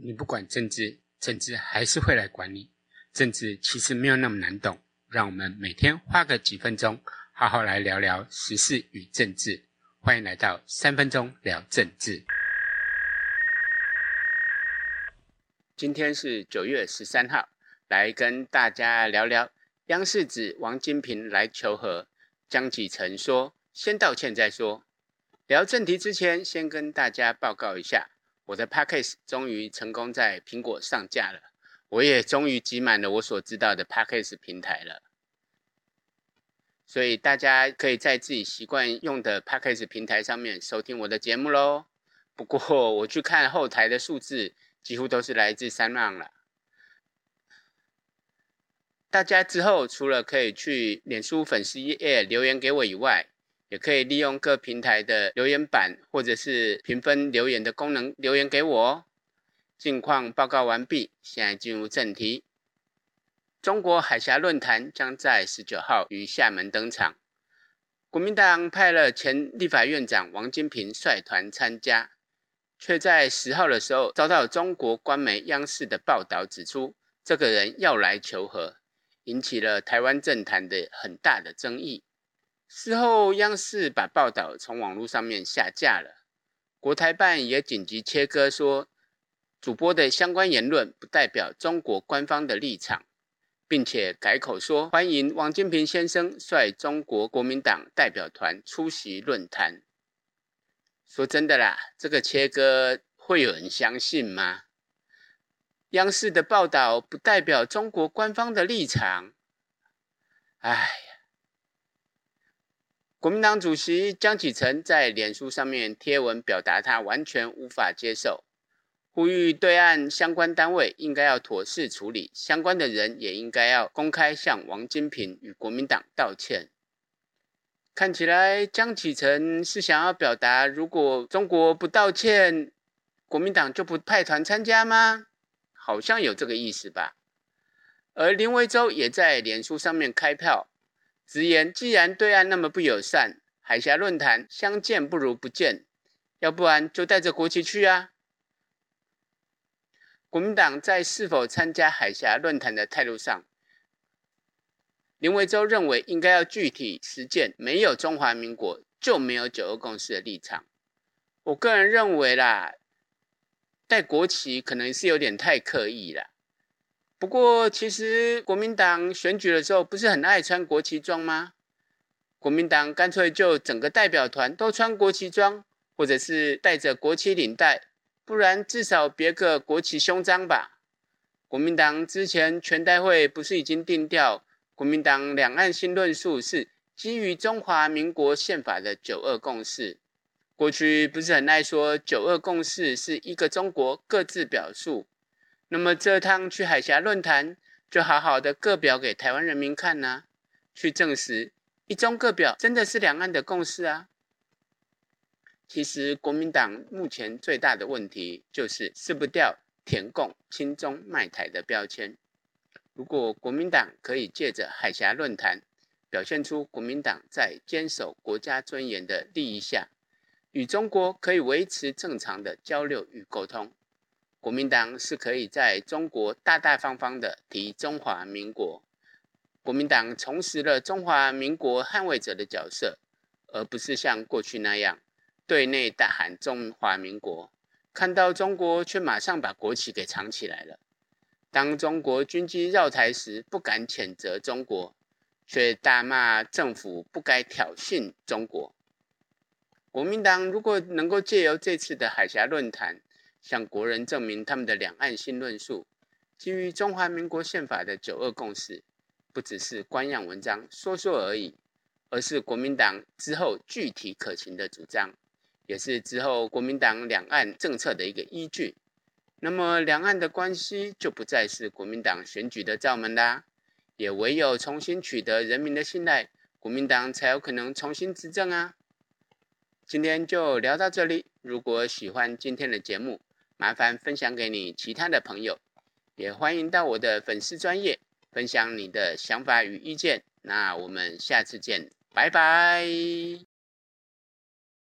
你不管政治，政治還是會來管你。政治其實沒有那麼難懂，讓我們每天花個幾分鐘，好好來聊聊時事與政治。歡迎來到三分鐘聊政治。今天是九月十三號，來跟大家聊聊，央視指王金平來求和，江啟臣說先道歉再說。聊正題之前，先跟大家報告一下。我的 Podcast 終於成功在蘋果上架了，我也終於集滿了我所知道的 Podcast 平台了。所以大家可以在自己習慣用的 Podcast 平台上面收聽我的節目嘍。不過我去看後台的數字，幾乎都是來自三浪了。大家之後除了可以去臉書粉絲頁留言給我以外，也可以利用各平台的留言板，或者是評分留言的功能留言給我哦。近況報告完畢，現在進入正題。中國海峽論壇將在十九號於廈門登場，國民黨派了前立法院長王金平率團參加，卻在十號的時候遭到中國官媒央視的報道指出，這個人要來求和，引起了台灣政壇的很大的爭議。事後，央視把報道從網絡上面下架了，國台辦也緊急切割，說主播的相關言論不代表中國官方的立場，並且改口說歡迎王金平先生率中國國民黨代表團出席論壇。說真的啦，這個切割會有人相信嗎？央視的報道不代表中國官方的立場。哎。國民黨主席江啟臣在臉書上面貼文，表達他完全無法接受，呼籲對岸相關單位應該要妥善處理，相關的人也應該要公開向王金平與國民黨道歉。看起來江啟臣是想要表達，如果中國不道歉，國民黨就不派團參加嗎？好像有這個意思吧。而林為洲也在臉書上面開票。直言，既然對岸那麼不友善，海峽論壇相見不如不見，要不然就帶着國旗去啊。國民黨在是否參加海峽論壇的態度上，林維洲認為應該要具體實踐，沒有中華民國就沒有九二共識的立場。我個人認為啦，帶國旗可能是有點太刻意啦。不過，其實國民黨選舉的時候不是很愛穿國旗裝嗎？國民黨乾脆就整個代表團都穿國旗裝，或者是戴着國旗領帶，不然至少別個國旗胸章吧。國民黨之前全代會不是已經定調，國民黨兩岸新論述是基於中華民國憲法的九二共識。過去不是很愛說九二共識是一個中國各自表述。那麼這趟去海峽論壇，就好好的各表給台灣人民看吶、啊，去證實一中各表真的是兩岸的共識啊。其實國民黨目前最大的問題就是撕不掉“舔共親中賣台”的標籤。如果國民黨可以借着海峽論壇，表現出國民黨在堅守國家尊嚴的利益下，與中國可以維持正常的交流與溝通。國民黨是可以在中國大大方方的提中華民國，國民黨重拾了中華民國捍衛者的角色，而不是像過去那樣，對內大喊中華民國，看到中國卻馬上把國旗給藏起來了。當中國軍機繞台時，不敢譴責中國，卻大罵政府不該挑釁中國。國民黨如果能夠借由這次的海峽論壇，向國人證明他們的兩岸新論述，基於中華民國憲法的九二共識，不只是官樣文章說說而已，而是國民黨之後具體可行的主張，也是之後國民黨兩岸政策的一個依據。那麼兩岸的關係就不再是國民黨選舉的罩門啦，也唯有重新取得人民的信賴，國民黨才有可能重新執政啊。今天就聊到這裡，如果喜歡今天的節目，麻煩分享給你其他的朋友，也歡迎到我的粉絲專頁分享你的想法與意見。那我們下次見，拜拜。